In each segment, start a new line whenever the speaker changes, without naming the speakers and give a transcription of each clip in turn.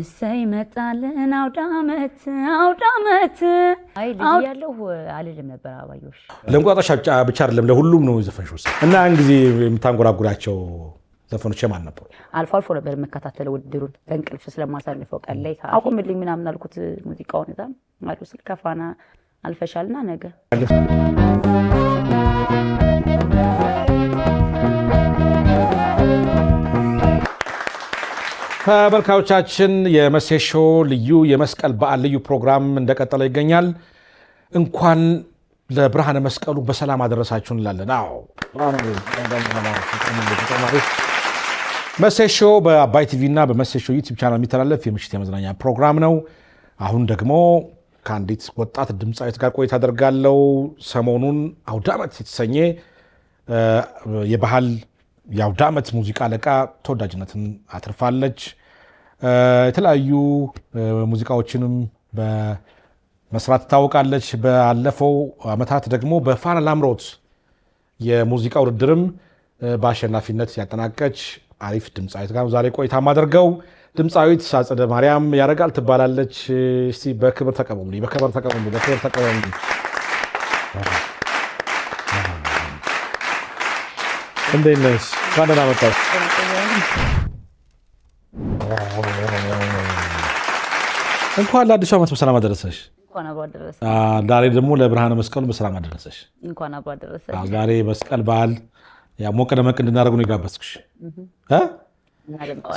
እሰይ መጣልን አውዳመት አውዳመት
አይ ልጅ ያለው አልልም ነበር። አባዮሽ
ለእንቁጣጣሽ ብቻ አይደለም ለሁሉም ነው ውስጥ እና ያን ጊዜ የምታንጎራጉራቸው ዘፈኖች የማን ነበሩ?
አልፎ አልፎ ነበር የምከታተለው ውድድሩን በእንቅልፍ ስለማሳልፈው ቀን ላይ አቁምልኝ ምናምን አልኩት ሙዚቃውን እዛም አሉ ስል ከፋና አልፈሻልና ነገ
ተመልካዮቻችን የመሴ ሾው ልዩ የመስቀል በዓል ልዩ ፕሮግራም እንደቀጠለ ይገኛል። እንኳን ለብርሃነ መስቀሉ በሰላም አደረሳችሁ እንላለን። አዎ መሴ ሾው በአባይ ቲቪ እና በመሴ ሾው ዩቲዩብ ቻናል የሚተላለፍ የምሽት የመዝናኛ ፕሮግራም ነው። አሁን ደግሞ ከአንዲት ወጣት ድምፃዊት ጋር ቆይታ አደርጋለሁ። ሰሞኑን ዓመት የተሰኘ የባህል የአውደ ዓመት ሙዚቃ አለቃ ተወዳጅነትን አትርፋለች። የተለያዩ ሙዚቃዎችንም በመስራት ትታወቃለች። ባለፈው ዓመታት ደግሞ በፋና ላምሮት የሙዚቃ ውድድርም በአሸናፊነት ያጠናቀች አሪፍ ድምፃዊት ጋር ዛሬ ቆይታ ማደርገው ድምፃዊት አጸደ ማርያም ያረጋል ትባላለች። እስቲ በክብር ተቀበሉ፣ በክብር ተቀበሉ፣ በክብር ተቀበሉ። እንዴት ነሽ? እንኳን ደህና መጣሽ። እንኳን ለአዲሱ ዓመት በሰላም አደረሰሽ። ዛሬ ደግሞ ለብርሃነ መስቀሉ በሰላም አደረሰሽ። ዛሬ መስቀል በዓል ሞቅ ደመቅ እንድናደርጉ ነው የጋበዝኩሽ።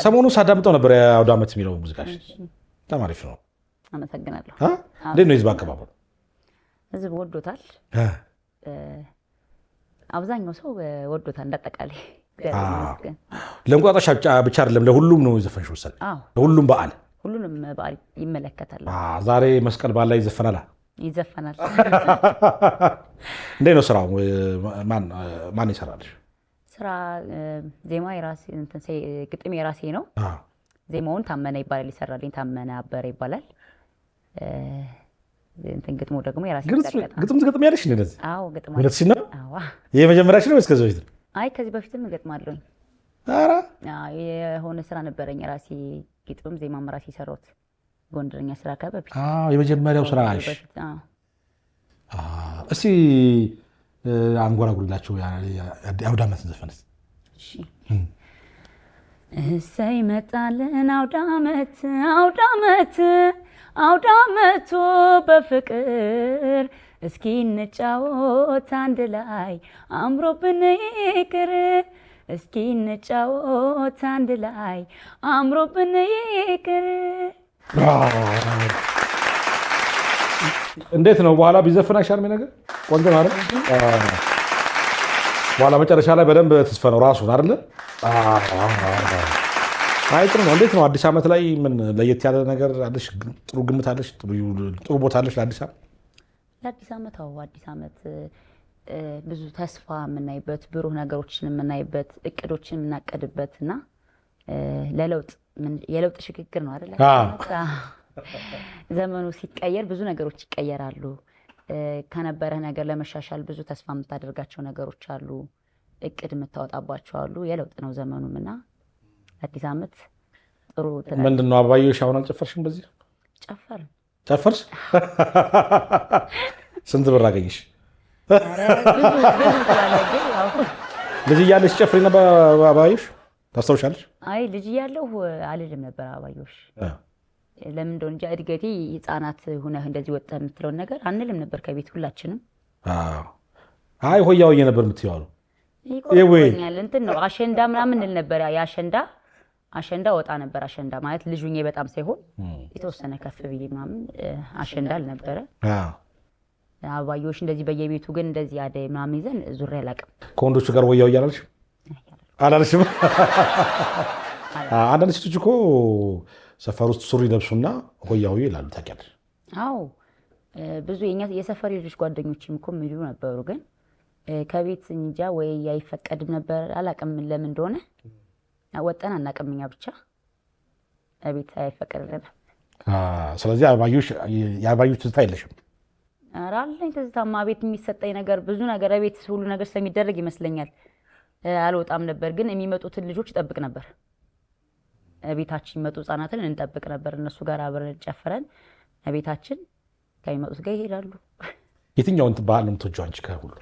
ሰሞኑ ሳዳምጠው ነበር የአውደ ዓመት የሚለው ሙዚቃሽ በጣም አሪፍ ነው። አመሰግናለሁ። እንዴት ነው የህዝብ አቀባበሉ?
ህዝብ ወዶታል። አብዛኛው ሰው ወዶታል። እንዳጠቃላይ
ለእንቁጣጣሽ ብቻ አይደለም ለሁሉም ነው የዘፈንሽ መሰለኝ። ለሁሉም በዓል
ሁሉንም በዓል ይመለከታል።
ዛሬ መስቀል በዓል ላይ ይዘፈናል ይዘፈናል። እንዴት ነው ስራው? ማን ይሰራልሽ?
ስራ ዜማ ግጥም የራሴ ነው። ዜማውን ታመነ ይባላል ይሰራልኝ። ታመነ አበረ ይባላል። ግጥሙ ደግሞ የራሴ
ግጥም ትገጥም ያለሽ እንደዚህ ግጥምሽ ነው? ይሄ መጀመሪያሽ ነው ወይስ ከዚህ በፊት?
አይ ከዚህ በፊትም እገጥማለሁኝ። ኧረ የሆነ ስራ ነበረኝ የራሴ ግጥም ዜማም ራሴ የሰራሁት ጎንደረኛ ስራ ከበፊት
የመጀመሪያው ስራሽ። እስቲ አንጎራጉሪላቸው የአውደ ዓመትን ዘፈንስ። እሰይ መጣልን አውዳመት ዓመት አውዳ መቱ በፍቅር እስኪ እንጫወት አንድ ላይ አምሮብን ይቅር እስኪ እንጫወት አንድ ላይ አምሮብን ይቅር። እንዴት ነው በኋላ ቢዘፍን አይሻልም? ነገር ቆንጆ ነው አይደል? በኋላ መጨረሻ ላይ በደንብ ተስፈነው ራሱን አይደለ አይ ጥሩ ነው። እንዴት ነው አዲስ ዓመት ላይ ምን ለየት ያለ ነገር አለሽ? ጥሩ ግምት አለሽ? ጥሩ ቦታ አለሽ ለአዲስ ዓመት?
ለአዲስ ዓመት አዎ፣ አዲስ ዓመት ብዙ ተስፋ የምናይበት ብሩህ ነገሮችን የምናይበት እቅዶችን የምናቀድበት እና ለለውጥ የለውጥ ሽግግር ነው አይደለ? ዘመኑ ሲቀየር ብዙ ነገሮች ይቀየራሉ። ከነበረህ ነገር ለመሻሻል ብዙ ተስፋ የምታደርጋቸው ነገሮች አሉ። እቅድ የምታወጣባቸው አሉ። የለውጥ ነው ዘመኑም እና አዲስ ዓመት
ጥሩ ምንድን ነው አባዬሽ? አሁን አልጨፈርሽም? በዚህ ጨፈር ጨፈርሽ? ስንት ብር አገኘሽ? ልጅ እያለሽ ጨፍሪ ነበር አባዮሽ? ታስታውሻለሽ?
አይ ልጅ እያለሁ አልልም ነበር አባዮሽ። ለምን እንደሆነ እንጃ እድገቴ ህፃናት ሁነህ እንደዚህ ወጣ የምትለውን ነገር አንልም ነበር ከቤት ሁላችንም።
አይ ሆያ ሆዬ ነበር የምትይዋሉ።
ይቆኛል እንትን ነው አሸንዳ ምናምን እንል ነበር። የአሸንዳ አሸንዳ ወጣ ነበር። አሸንዳ ማለት ልጁ በጣም ሳይሆን የተወሰነ ከፍ ብዬ ምናምን አሸንዳ አልነበረ አባዮች እንደዚህ በየቤቱ ግን እንደዚህ አደ ምናምን ይዘን ዙሪያ አላውቅም።
ከወንዶቹ ጋር ወያው እያላልሽ አላልሽም? አንዳንድ ሴቶች እኮ ሰፈር ውስጥ ሱሪ ለብሱና ወያው ይላሉ። ታውቂያለሽ?
አዎ ብዙ የኛ የሰፈር ልጆች ጓደኞችም እኮ የሚሉ ነበሩ። ግን ከቤት እንጃ ወይ አይፈቀድም ነበር አላውቅም ለምን እንደሆነ ወጠን አናቅም እኛ ብቻ ቤት አይፈቀድልንም።
ስለዚህ የአርባዮች ትዝታ የለሽም?
ኧረ አለኝ ትዝታማ። ቤት የሚሰጠኝ ነገር ብዙ ነገር ቤት ሁሉ ነገር ስለሚደረግ ይመስለኛል አልወጣም ነበር። ግን የሚመጡትን ልጆች እጠብቅ ነበር። ቤታችን የሚመጡ ህጻናትን እንጠብቅ ነበር። እነሱ ጋር አብረን ጨፍረን ቤታችን ከሚመጡት ጋር ይሄዳሉ።
የትኛውን ባህል ነው የምትወጂው አንቺ ከሁሉ?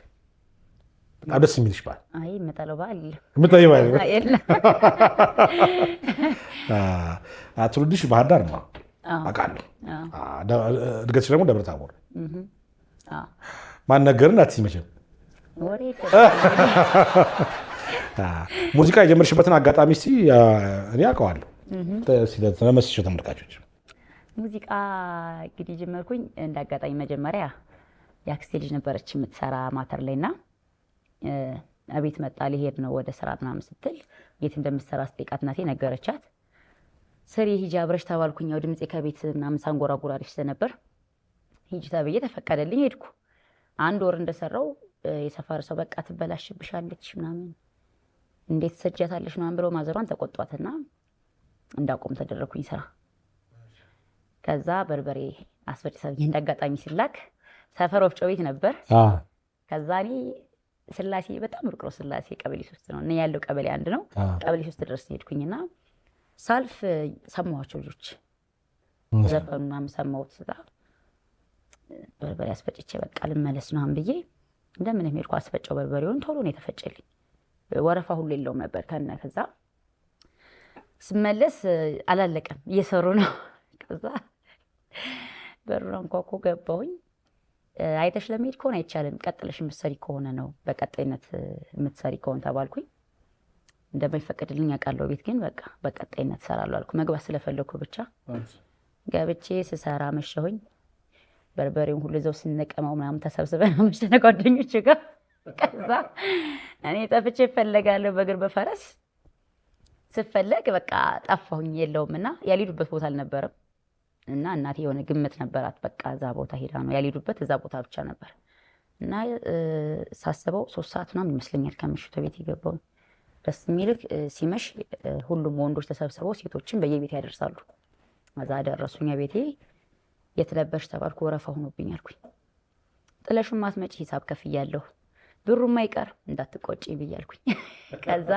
በጣም ደስ የሚልሽ በዓል።
አይ የምጠለው በዓል የለም።
ትውልድሽ ባህር ዳር ነው አውቃለሁ። እድገትሽ ደግሞ ደብረ ታቦር። ማን ነገርን አትይኝ መቼም። ሙዚቃ የጀመርሽበትን አጋጣሚ እስኪ እኔ አውቀዋለሁ፣ ስለመስቸው ተመልካቾች።
ሙዚቃ እንግዲህ ጀመርኩኝ እንደ አጋጣሚ መጀመሪያ የአክስቴ ልጅ ነበረች የምትሰራ ማተር ላይ እና አቤት መጣ ሊሄድ ነው ወደ ስራ ምናምን ስትል የት እንደምትሰራ ስጠይቃት እናቴ ነገረቻት። ስሪ ሂጂ አብረሽ ተባልኩኝ። ያው ድምፄ ከቤት ምናምን ሳንጎራጉር አሪፍ ስለነበር ሂጂ ተብዬ ተፈቀደልኝ ሄድኩ። አንድ ወር እንደሰራው የሰፈር ሰው በቃ ትበላሽብሻለች ምናምን እንዴት ሰጃታለች ምናምን ብለው ማዘሯን ተቆጧትና እንዳቆም ተደረግኩኝ ስራ። ከዛ በርበሬ አስፈጭ ሰብዬ እንዳጋጣሚ ሲላክ ሰፈር ወፍጮ ቤት ነበር። ከዛ እኔ ስላሴ በጣም ርቅሮ ነው። ስላሴ ቀበሌ ሶስት ነው እ ያለው ቀበሌ አንድ ነው። ቀበሌ ሶስት ድረስ ሄድኩኝና ሳልፍ ሰማኋቸው ልጆች ዘፈኑ ምናምን ሰማሁት። ስጣ በርበሬ አስፈጭቼ በቃ ልመለስ ምናምን ብዬ እንደምን ሄድኩ። አስፈጨው በርበሬውን ቶሎ ነው የተፈጨልኝ። ወረፋ ሁሉ የለውም ነበር ከነ ከዛ ስመለስ አላለቀም እየሰሩ ነው። ከዛ በሩን አንኳኩ ገባሁኝ። አይተሽ ለመሄድ ከሆነ አይቻልም፣ ቀጥለሽ የምትሰሪ ከሆነ ነው በቀጣይነት የምትሰሪ ከሆነ ተባልኩኝ። እንደማይፈቀድልኝ አውቃለሁ። ቤት ግን በቃ በቀጣይነት እሰራለሁ አልኩ። መግባት ስለፈለግኩ ብቻ ገብቼ ስሰራ መሸሁኝ። በርበሬውን ሁሉ እዛው ስንቀመው ምናምን ተሰብስበን መሸነ ጓደኞች ጋር። ከዛ እኔ ጠፍቼ እፈለጋለሁ በእግር በፈረስ ስፈለግ በቃ ጠፋሁኝ፣ የለውም እና ያልሄዱበት ቦታ አልነበረም እና እናቴ የሆነ ግምት ነበራት። በቃ እዛ ቦታ ሄዳ ነው ያልሄዱበት፣ እዛ ቦታ ብቻ ነበር እና ሳስበው ሶስት ሰዓት ምናምን ይመስለኛል ከምሽቱ ቤት የገባው። ደስ የሚልክ ሲመሽ ሁሉም ወንዶች ተሰብስበው ሴቶችን በየቤት ያደርሳሉ። እዛ ደረሱኛ ቤቴ የትለበሽ ተባልኩ። ወረፋ ሆኖብኝ አልኩኝ። ጥለሹን ማትመጪ ሂሳብ ከፍያለሁ ብሩም አይቀር እንዳትቆጪ ብያልኩኝ። ከዛ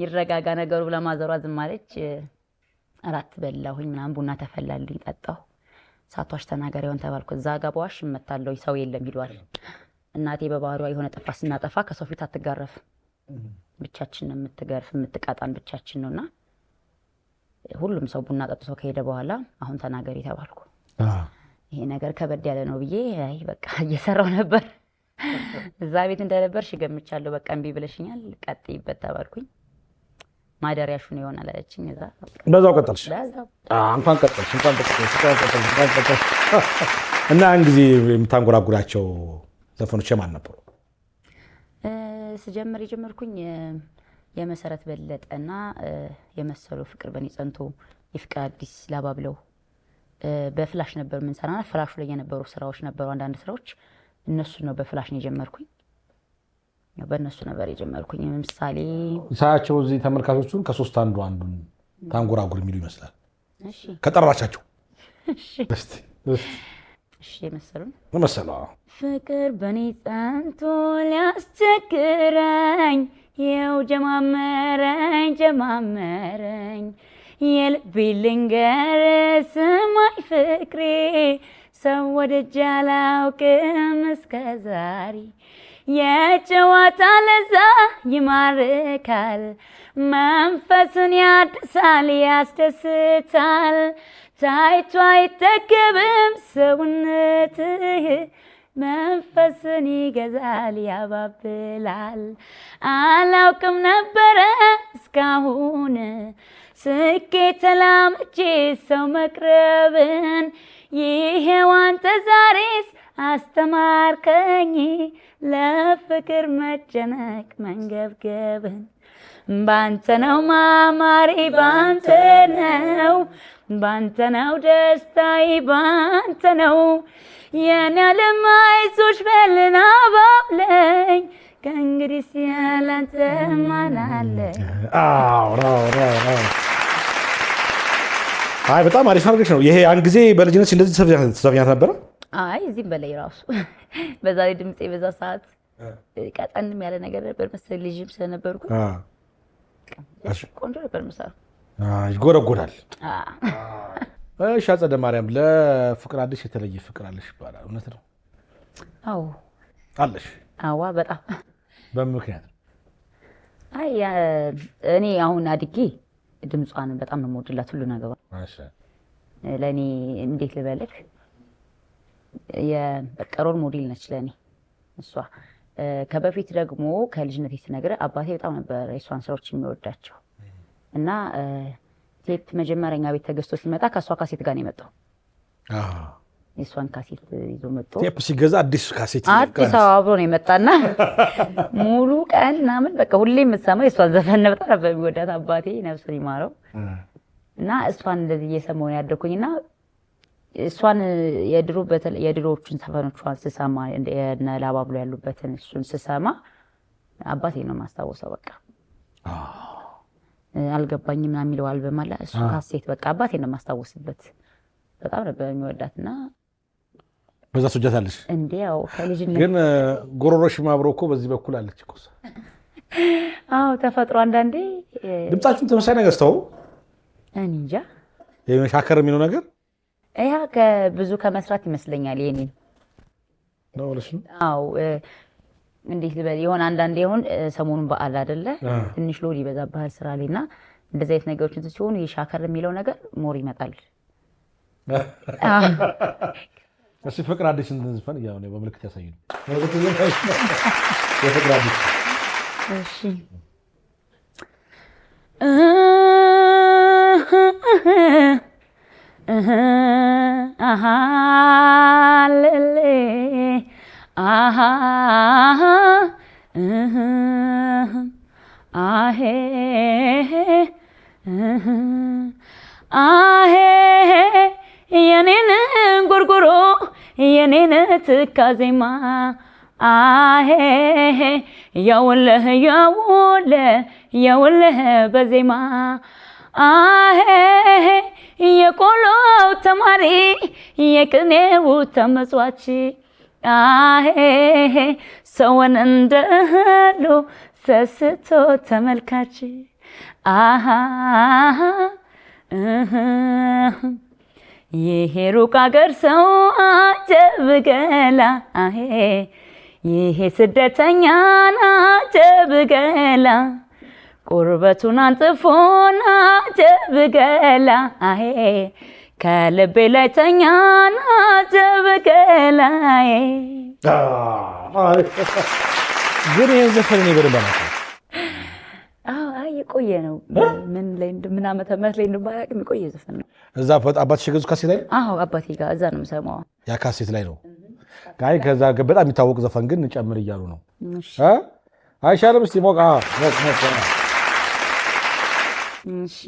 ይረጋጋ ነገሩ ብላ ማዘሯ ዝም አለች። እራት በላሁኝ ምናምን ቡና ተፈላልኝ ጠጣሁ። ሳቷሽ ተናገሪ ሆን ተባልኩ። እዛ ጋር በዋሽ እመታለሁ ሰው የለም ይሏል። እናቴ በባህሪዋ የሆነ ጥፋ ስናጠፋ ከሰው ፊት አትጋረፍ፣ ብቻችን ነው የምትገርፍ የምትቀጣን ብቻችን ነው። እና ሁሉም ሰው ቡና ጠጥቶ ከሄደ በኋላ አሁን ተናገሪ ተባልኩ። ይሄ ነገር ከበድ ያለ ነው ብዬ አይ በቃ እየሰራው ነበር እዛ ቤት እንደነበርሽ ገምቻለሁ። በቃ እምቢ ብለሽኛል ቀጥይበት ተባልኩኝ። ማደሪያሽ ነው ይሆናል አለችኝ።
በዛው ቀጠልሽ እንኳን ቀጠልሽ እንኳን ቀጠልሽ እንኳን ቀጠልሽ። እና ያን ጊዜ የምታንጎራጉራቸው ዘፈኖች የማን ነበሩ?
ስጀምር የጀመርኩኝ የመሰረት በለጠና የመሰሉ ፍቅር በኔ ጸንቶ የፍቅር አዲስ ላባ ብለው በፍላሽ ነበር የምንሰራና ፍላሹ ላይ የነበሩ ስራዎች ነበሩ። አንዳንድ ስራዎች እነሱ ነው በፍላሽ ነው የጀመርኩኝ። በእነሱ ነበር የጀመርኩኝ። ምሳሌ
ሳያቸው እዚህ ተመልካቾቹን ከሶስት አንዱ አንዱን ታንጎራጉር የሚሉ ይመስላል። ከጠራቻቸው መሰሉ
ፍቅር በኔ ጸንቶ ሊያስቸግረኝ የው ጀማመረኝ ጀማመረኝ የልቤ ልንገር ስማኝ ፍቅሬ ሰው ወደጃ አላውቅም እስከ ዛሬ የጨዋታ ለዛ ይማርካል፣ መንፈስን ያድሳል፣ ያስደስታል። ታይቶ አይጠገብም ሰውነትህ መንፈስን ይገዛል፣ ያባብላል። አላውቅም ነበረ እስካሁን ስኬት ተላምጄ ሰው መቅረብን ይሄው አንተ ዛሬስ አስተማርከኝ ለፍቅር መጨነቅ መንገብገብን ባንተ ነው ማማሪ ባንተ ነው ባንተ ነው ደስታዬ ባንተ ነው የኔ ዓለም አይዞሽ በልና ባብለኝ ከእንግዲህ ሲያላንተ ማናለ
አይ በጣም አሪፍ አድርገሽ ነው ይሄ አንድ ጊዜ በልጅነት እንደዚህ ተሰብኛት ነበረ
አይ እዚህም በላይ ራሱ በዛ ላይ ድምፄ በዛ ሰዓት ቀጠንም ያለ ነገር ነበር መሰለኝ ልጅም ስለነበርኩ ቆንጆ ነበር መሰለኝ።
ይጎረጎራል። እሺ አጸደ ማርያም ለፍቅር አለሽ የተለየ ፍቅር አለሽ ይባላል። እውነት ነው? አዎ አለሽ። አዋ በጣም በምን ምክንያት?
አይ እኔ አሁን አድጌ ድምጿንም በጣም ነው የምወድላት ሁሉ ነገር ለእኔ እንዴት ልበልክ የበቀ ሮል ሞዴል ነች ለእኔ እሷ። ከበፊት ደግሞ ከልጅነት ስነግርህ አባቴ በጣም ነበር የእሷን ስራዎች የሚወዳቸው እና ቴፕ መጀመሪያ ቤት ተገዝቶ ሲመጣ ከእሷ ካሴት ጋር ነው የመጣው። የእሷን ካሴት ይዞ መጡ።
ቴፕ ሲገዛ አዲስ ካሴት
አዲስ አብሮ ነው የመጣና ሙሉ ቀን ምናምን በቃ ሁሌ የምትሰማው የእሷን ዘፈን በጣም ነበር የሚወዳት አባቴ ነፍስ ይማረው እና እሷን እንደዚህ እየሰማሁ ነው ያደኩኝና እሷን የድሮ የድሮዎቹን ዘፈኖቿን ስሰማ እነ ላባ ብሎ ያሉበትን እሱን ስሰማ አባቴ ነው የማስታወሰው። በቃ አልገባኝ ምና የሚለው አልበም አለ እሱ ካሴት በቃ አባቴ ነው ማስታወስበት። በጣም ነበር የሚወዳትና
በዛ ሱጃታለሽ
እንዴ? ያው ከልጅነት
ግን ጎሮሮሽም አብሮ እኮ በዚህ በኩል አለች
አዎ ተፈጥሮ አንዳንዴ
ድምጻችሁም ተመሳሳይ ነገር ስተው እንጃ የመሻከር የሚለው ነገር
ያ ብዙ ከመስራት ይመስለኛል የኔን አዎ እንዴት ልበል የሆነ አንዳንዴ አሁን ሰሞኑን በዓል አይደለ ትንሽ ሎድ ይበዛብሃል ስራ ላይ እና እንደዚህ አይነት ነገሮች ሲሆኑ የሻከር የሚለው ነገር ሞር ይመጣል።
እሺ ፍቅር አዲስ እንትን ዝፈን እያ በምልክት ያሳይ የፍቅር አዲስ
እሺ uh አሃሌሌ አሃ አሄ አሄ የኔን እንጉርጉሮ የኔን ትካዜማ አሄ ያውለህ ያውለ ያውለህ በዜማ አሄ የቆሎው
ተማሪ የቅኔው ተመጽዋች አሄ ሰውን እንደሉ ሰስቶ ተመልካች አሃ ይሄ ሩቅ አገር ሰው አጀብ ገላ ይሄ ስደተኛ አጀብ ገላ ቁርበቱን አንጥፎና ጀብገላ አሄ ከልቤ ላይ ተኛና ጀብገላ ግን ይህን ዘፈን እኔ
የቆየ ነው። ምን ላይ ምን ዓመተ ምህረት ላይ እንደባላቅ የቆየ ዘፈን ነው።
እዛ አባትሽ ገዙ ካሴት ላይ
አዎ፣ አባቴ ጋር እዛ ነው የምሰማው።
ያ ካሴት ላይ ነው። አይ ከዛ በጣም የሚታወቅ ዘፈን ግን ጨምር እያሉ ነው። አይሻልም? እስኪ ሞቅ ሞቅ
እሺ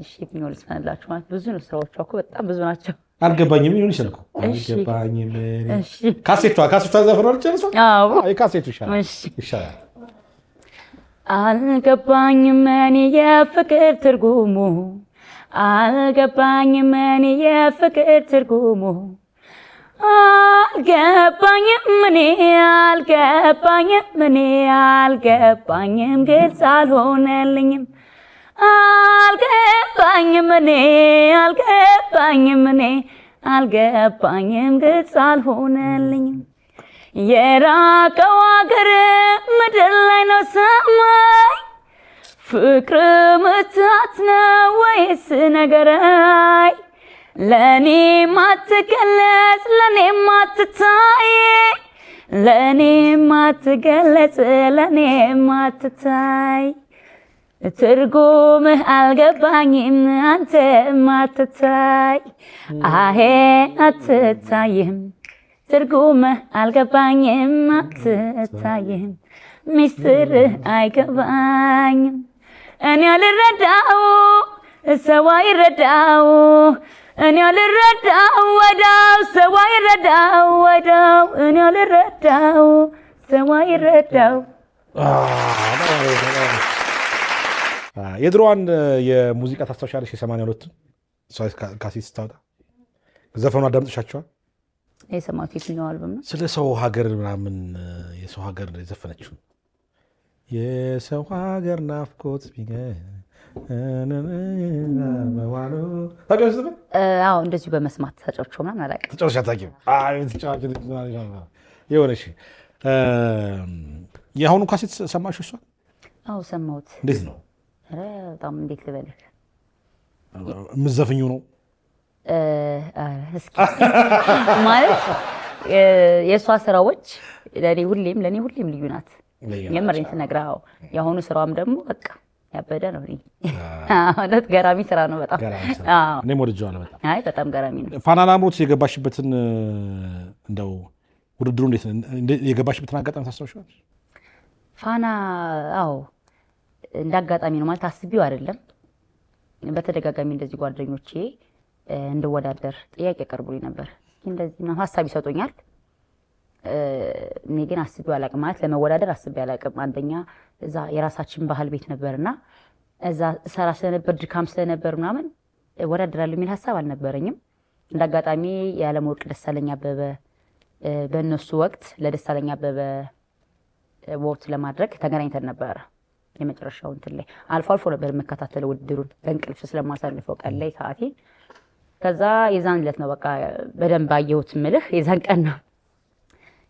እሺ ቢሆን ልስፈንላችሁ ማለት ብዙ ነው። ስራዎቿ እኮ በጣም ብዙ ናቸው።
አልገባኝም ይሁን ይችላል አልገባኝም። ካሴቷ ካሴቷ ዘፈን አልጨርሷ ካሴቱ ይሻላል።
አልገባኝም እኔ የፍቅር ትርጉሙ አልገባኝም እኔ የፍቅር ትርጉሙ አልገባኝም እኔ አልገባኝም እኔ አልገባኝም ግልጽ አልሆነልኝም አልገባኝም እኔ አልገባኝም እኔ አልገባኝም ግልጽ አልሆነልኝም። የራቀው አገር ምድር ላይ ነው ሰማይ ፍቅር ምታት ነው ወይስ ነገራይ? ለኔ ማትገለጽ ለኔ ማትታይ ለኔ ማትገለጽ ለኔ ማትታይ ትርጉምህ አልገባኝም አንተም አትታይ አሄ አትታይህም ትርጉምህ አልገባኝም አትታይም ሚስጥርህ አይገባኝም እኔ አልረዳው ሰው አይረዳው እኔ አልረዳው ወዳው ሰው አይረዳው ወዳው እኔ አልረዳው ሰው አይረዳው
የድሮዋን የሙዚቃ ታስታውሻለሽ? የሰማንያ ሁለቱን ካሴት ስታወጣ ዘፈኑ አዳምጥሻቸዋል?
የሰማሁት የትኛው አልበም ነው?
ስለ ሰው ሀገር ምናምን የሰው ሀገር የዘፈነችው የሰው ሀገር ናፍቆት
እንደዚሁ በመስማት ተጫውቼው ምናምን አላውቅም።
ተጫውተሽ አታውቂም? የሆነ የአሁኑ ካሴት ሰማሽ? እሷ ሰማሁት። እንዴት ነው
በጣም እንዴት ልበልህ
የምትዘፍኙ ነው
እስኪ ማለት የእሷ ስራዎች ለእኔ ሁሌም ለእኔ ሁሌም ልዩ ናት። የምሬን ስነግርህ የአሁኑ ስራዋም ደግሞ በቃ ያበደ ነው። እውነት ገራሚ ስራ ነው።
በጣም እኔም ወድጄዋለሁ።
አይ በጣም ገራሚ ነው።
ፋና ላምሮት የገባሽበትን እንደው ውድድሩ እንዴት የገባሽበትን አጋጣሚ ታስታውሻለሽ?
ፋና አዎ እንደ አጋጣሚ ነው ማለት አስቢው አይደለም። በተደጋጋሚ እንደዚህ ጓደኞቼ እንድወዳደር ጥያቄ ቀርቡልኝ ነበር። እንደዚህ ሀሳብ ይሰጡኛል። እኔ ግን አስቤው አላቅም፣ ማለት ለመወዳደር አስቤ አላቅም። አንደኛ እዛ የራሳችን ባህል ቤት ነበርና እዛ ሰራ ስለነበር ድካም ስለነበር ምናምን እወዳደራለሁ የሚል ሀሳብ አልነበረኝም። እንደ አጋጣሚ የዓለም ወርቅ ደሳለኝ አበበ በእነሱ ወቅት ለደሳለኝ አበበ ቦት ለማድረግ ተገናኝተን ነበረ። የመጨረሻው እንትን ላይ አልፎ አልፎ ነበር የምከታተለው ውድድሩን በእንቅልፍ ስለማሳልፈው ቀን ላይ ሰዓቴ። ከዛ የዛን ዕለት ነው በቃ በደንብ አየሁት ምልህ የዛን ቀን ነው።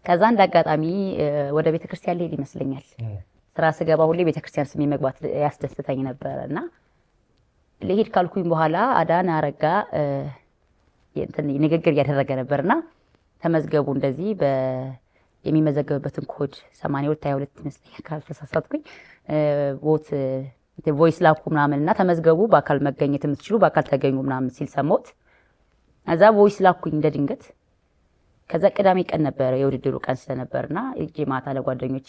ከዛ እንደ አጋጣሚ ወደ ቤተክርስቲያን ልሄድ ይመስለኛል ስራ ስገባ ሁሌ ቤተክርስቲያን ስሜ መግባት ያስደስተኝ ነበረ እና ልሄድ ካልኩኝ በኋላ አዳን አረጋ ንግግር እያደረገ ነበር ነበርና ተመዝገቡ እንደዚህ የሚመዘገብበትን ኮድ 8222 ይመስለኛል ካልተሳሳትኩኝ ቦት ቮይስ ላኩ ምናምን እና ተመዝገቡ፣ በአካል መገኘት የምትችሉ በአካል ተገኙ ምናምን ሲል ሰማሁት። እዛ ቮይስ ላኩኝ እንደ ድንገት። ከዛ ቅዳሜ ቀን ነበረ የውድድሩ ቀን እና እጄ ማታ ለጓደኞቼ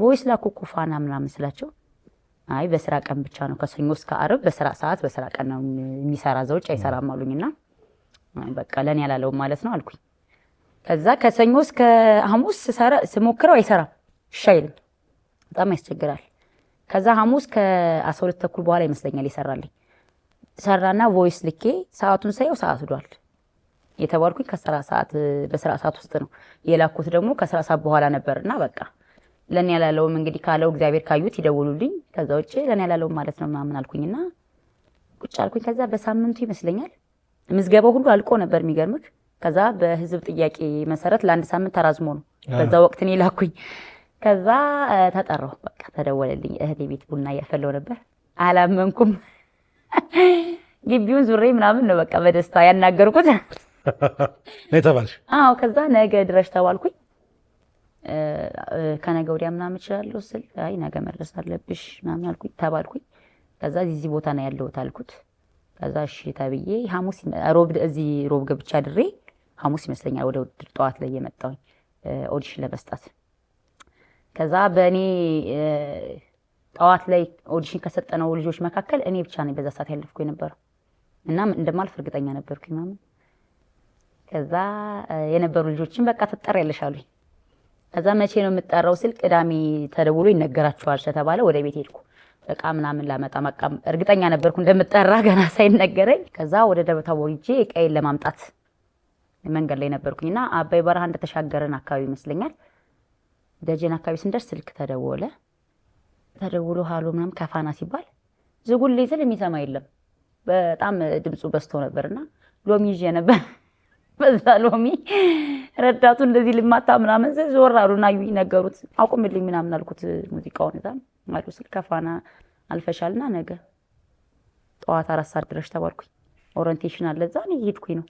ቮይስ ላኩ ቁፋና ምናምን ስላቸው አይ በስራ ቀን ብቻ ነው ከሰኞ እስከ አርብ በስራ ሰዓት በስራ ቀን ነው የሚሰራ ዘውጭ አይሰራም አይሰራም አሉኝና በቃ ለእኔ ያላለውም ማለት ነው አልኩኝ። ከዛ ከሰኞ እስከ ሐሙስ ስሞክረው አይሰራም፣ እሺ አይልም። በጣም ያስቸግራል። ከዛ ሐሙስ ከአስራ ሁለት ተኩል በኋላ ይመስለኛል ይሰራልኝ ሰራና ቮይስ ልኬ ሰዓቱን ሳየው ሰዓት ዷል የተባልኩኝ ከስራ ሰዓት በስራ ሰዓት ውስጥ ነው የላኩት ደግሞ ከስራ ሰዓት በኋላ ነበር እና በቃ ለእኔ ያላለውም እንግዲህ ካለው እግዚአብሔር ካዩት ይደውሉልኝ ከዛ ውጭ ለእኔ ያላለውም ማለት ነው ምናምን አልኩኝና ቁጭ አልኩኝ ከዛ በሳምንቱ ይመስለኛል ምዝገባው ሁሉ አልቆ ነበር የሚገርምክ ከዛ በህዝብ ጥያቄ መሰረት ለአንድ ሳምንት ተራዝሞ ነው በዛ ወቅት እኔ ላኩኝ ከዛ ተጠራሁ። በቃ ተደወለልኝ። እህቴ ቤት ቡና እያፈለው ነበር። አላመንኩም። ግቢውን ዙሬ ምናምን ነው በቃ በደስታ ያናገርኩት ተባልሽ? አዎ። ከዛ ነገ ድረሽ ተባልኩኝ። ከነገ ወዲያ ምናምን እችላለሁ ስል አይ ነገ መድረስ አለብሽ ምናምን አልኩኝ፣ ተባልኩኝ። ከዛ እዚህ ቦታ ነው ያለሁት አልኩት። ከዛ እሺ ተብዬ ሐሙስ ሮብ እዚህ ሮብ ገብቻ ድሬ ሐሙስ ይመስለኛል ወደ ውድድር ጠዋት ላይ የመጣሁኝ ኦዲሽን ለመስጣት ከዛ በእኔ ጠዋት ላይ ኦዲሽን ከሰጠነው ልጆች መካከል እኔ ብቻ ነኝ በዛ ሰዓት ያለፍኩ የነበረው እና እንደማልፍ እርግጠኛ ነበርኩ ምናምን። ከዛ የነበሩ ልጆችን በቃ ትጠሪ ያለሽ አሉኝ። ከዛ መቼ ነው የምጠራው ስል ቅዳሜ ተደውሎ ይነገራችኋል ስለተባለ ወደ ቤት ሄድኩ። እቃ ምናምን ላመጣ በቃ እርግጠኛ ነበርኩ እንደምጠራ ገና ሳይነገረኝ። ከዛ ወደ ደብታ ወርጄ ቀይን ለማምጣት መንገድ ላይ እና አባይ በረሃ እንደተሻገረን አካባቢ ይመስለኛል ደጀን አካባቢ ስንደርስ ስልክ ተደወለ። ተደውሎ ሀሎ ምናም ከፋና ሲባል ዝጉል ስል የሚሰማ የለም። በጣም ድምፁ በዝቶ ነበርና ሎሚ ይዤ ነበር። በዛ ሎሚ ረዳቱ እንደዚህ ልማታ ምናምን ዞር አሉና ነገሩት። አቁምልኝ ምናምን አልኩት ሙዚቃውን ዛ አሉ ስል ከፋና አልፈሻልና ነገ ጠዋት አራት ሰዓት ድረሽ ተባልኩኝ። ኦሪንቴሽን አለ እዛ እኔ ሄድኩኝ ነው።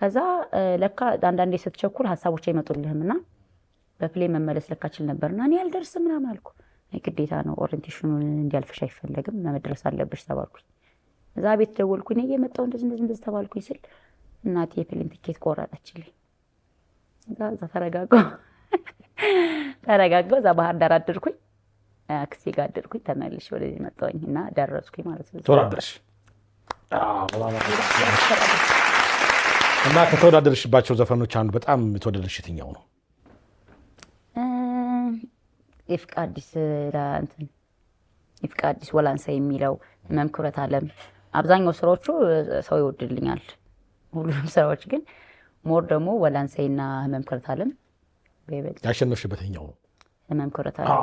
ከዛ ለካ አንዳንዴ ስትቸኩል ሀሳቦች አይመጡልህም እና በፕሌን መመለስ ለካችል ነበርና እኔ አልደርስም ምናምን አልኩ። ግዴታ ነው ኦሪንቴሽኑን እንዲያልፍሽ አይፈለግም መድረስ አለብሽ ተባልኩኝ። እዛ ቤት ደወልኩኝ እየመጣሁ እንደዚህ እንደዚህ እንደዚህ ተባልኩኝ ስል እናቴ የፕሌን ትኬት ቆረጠችልኝ። እዛ እዛ ተረጋጋሁ ተረጋጋሁ። እዛ ባህር ዳር አደርኩኝ፣ አክሴ ጋር አደርኩኝ። ተመልሼ ወደዚህ መጣሁኝ እና ደረስኩኝ ማለት ነው።
ተወዳደርሽ እና ከተወዳደርሽባቸው ዘፈኖች አንዱ በጣም የተወደደልሽ የትኛው ነው?
ይፍቃ አዲስ እንትን ይፍቃ አዲስ ወላንሳ የሚለው ህመም፣ ክብረት አለም አብዛኛው ስራዎቹ ሰው ይወድልኛል። ሁሉም ስራዎች ግን ሞር ደግሞ ወላንሳይና ህመም ክብረት አለም
ያሸነፍሽበት ኛው ነው።
ህመም ክብረት አለም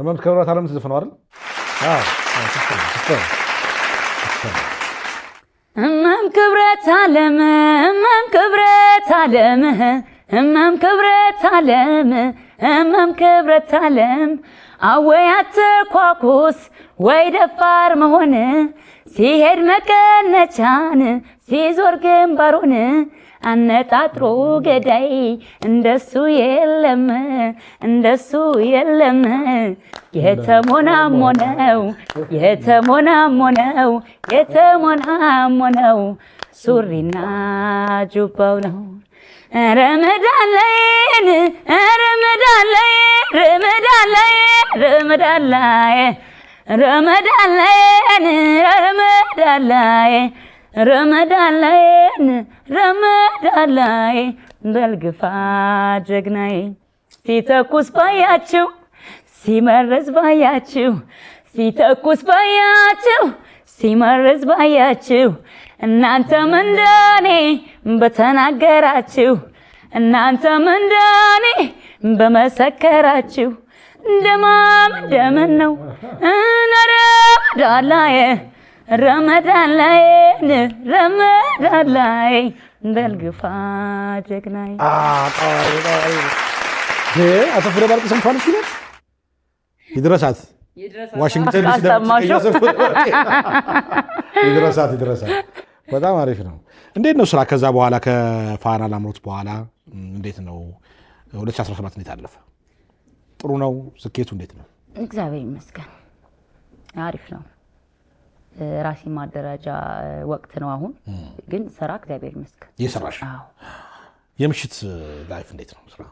ህመም ክብረት አለም ትዝፍነው አይደል? ህመም ክብረት አለም
ህመም ክብረት አለም ህመም ክብረት አለም እመም ክብረት ዓለም አወያት ኳኩስ ወይ ደፋር መሆን ሲሄድ መቀነቻን ሲዞር ግንባሩን አነጣጥሮ ገዳይ እንደሱ የለም እንደሱ የለም። የተሞናሞነው የተሞናሞነው የተሞናሞነው ሱሪና ጁባው ነው። ረመዳን ላይን ረመዳን ላይ ረመዳን ላይ ረመዳን ላይ ረመዳን ላይን ረመዳን ላይ ረመዳን ላይን ረመዳን ላይ በልግፋ ጀግናዬ ሲተኩስ ባያችሁ ሲመረዝ ባያችሁ ሲተኩስ ባያችሁ ሲመረዝ ባያችሁ እናንተም እንደኔ በተናገራችሁ እናንተም እንደኔ በመሰከራችሁ እንደማመደምን ነው እና ረመዳን ላይ ረመዳን ላይ ረመዳን ላይ በልግፋ ጀግናይ
አቶ ፍሬ ባርቅስ እንኳን ሲለት ይድረሳት ዋሽንግተን ይድረሳት ይድረሳት በጣም አሪፍ ነው። እንዴት ነው ስራ ከዛ በኋላ ከፋና ላምሮት በኋላ እንዴት ነው 2017 እንዴት አለፈ? ጥሩ ነው ስኬቱ እንዴት ነው?
እግዚአብሔር ይመስገን አሪፍ ነው። ራሴ ማደራጃ ወቅት ነው አሁን ግን ስራ እግዚአብሔር ይመስገን
እየሰራሽ። የምሽት ላይፍ እንዴት ነው? ስራ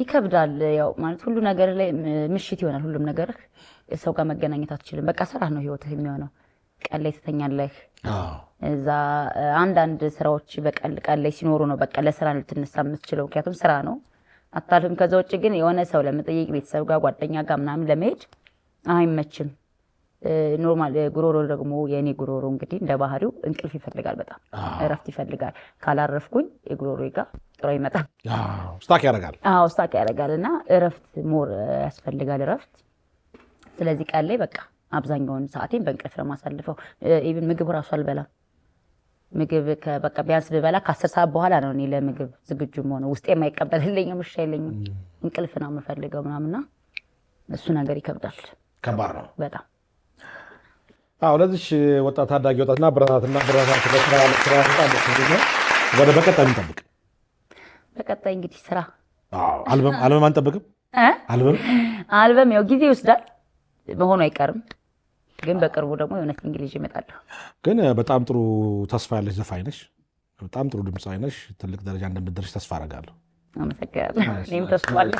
ይከብዳል። ያው ማለት ሁሉ ነገር ላይ ምሽት ይሆናል ሁሉም ነገር ሰው ጋር መገናኘት አትችልም። በቃ ስራ ነው ህይወት የሚሆነው ቀን ላይ ትተኛለህ። እዛ አንዳንድ ስራዎች በቀን ቀን ላይ ሲኖሩ ነው በቃ ለስራ ልትነሳ የምትችለው ምክንያቱም ስራ ነው አታልፍም። ከዛ ውጭ ግን የሆነ ሰው ለመጠየቅ ቤተሰብ ጋር ጓደኛ ጋር ምናምን ለመሄድ አይመችም። ኖርማል ጉሮሮ ደግሞ የእኔ ጉሮሮ እንግዲህ እንደ ባህሪው እንቅልፍ ይፈልጋል፣ በጣም እረፍት ይፈልጋል። ካላረፍኩኝ የጉሮሮ ጋር ጥሮ ይመጣል፣ ስታክ ያደርጋል። አዎ ስታክ ያደርጋል። እና እረፍት ሞር ያስፈልጋል እረፍት። ስለዚህ ቀን ላይ በቃ አብዛኛውን ሰዓቴን በእንቅልፍ ነው የማሳልፈው። ኢቭን ምግብ ራሱ አልበላም። ምግብ በቃ ቢያንስ ብበላ ከአስር ሰዓት በኋላ ነው እኔ ለምግብ ዝግጁ መሆነ። ውስጤ የማይቀበልልኝም እሺ አይለኝም። እንቅልፍ ነው የምፈልገው ምናምና እሱ ነገር ይከብዳል። ከባድ ነው በጣም
አዎ። ለዚች ወጣት ታዳጊ ወጣትና ብረታትና ብረታት ወደ በቀጣይ የሚጠብቅ
በቀጣይ እንግዲህ ስራ
አልበም አንጠብቅም። አልበም
አልበም ያው ጊዜ ይወስዳል መሆኑ አይቀርም። ግን በቅርቡ ደግሞ የእውነት እንግሊዝ ይመጣለሁ።
ግን በጣም ጥሩ ተስፋ ያለሽ ዘፋኝ ነሽ። በጣም ጥሩ ድምፅ አይነሽ። ትልቅ ደረጃ እንደምትደርሽ ተስፋ አደርጋለሁ።
አመሰግናለሁ። እኔም ተስፋ አለኝ።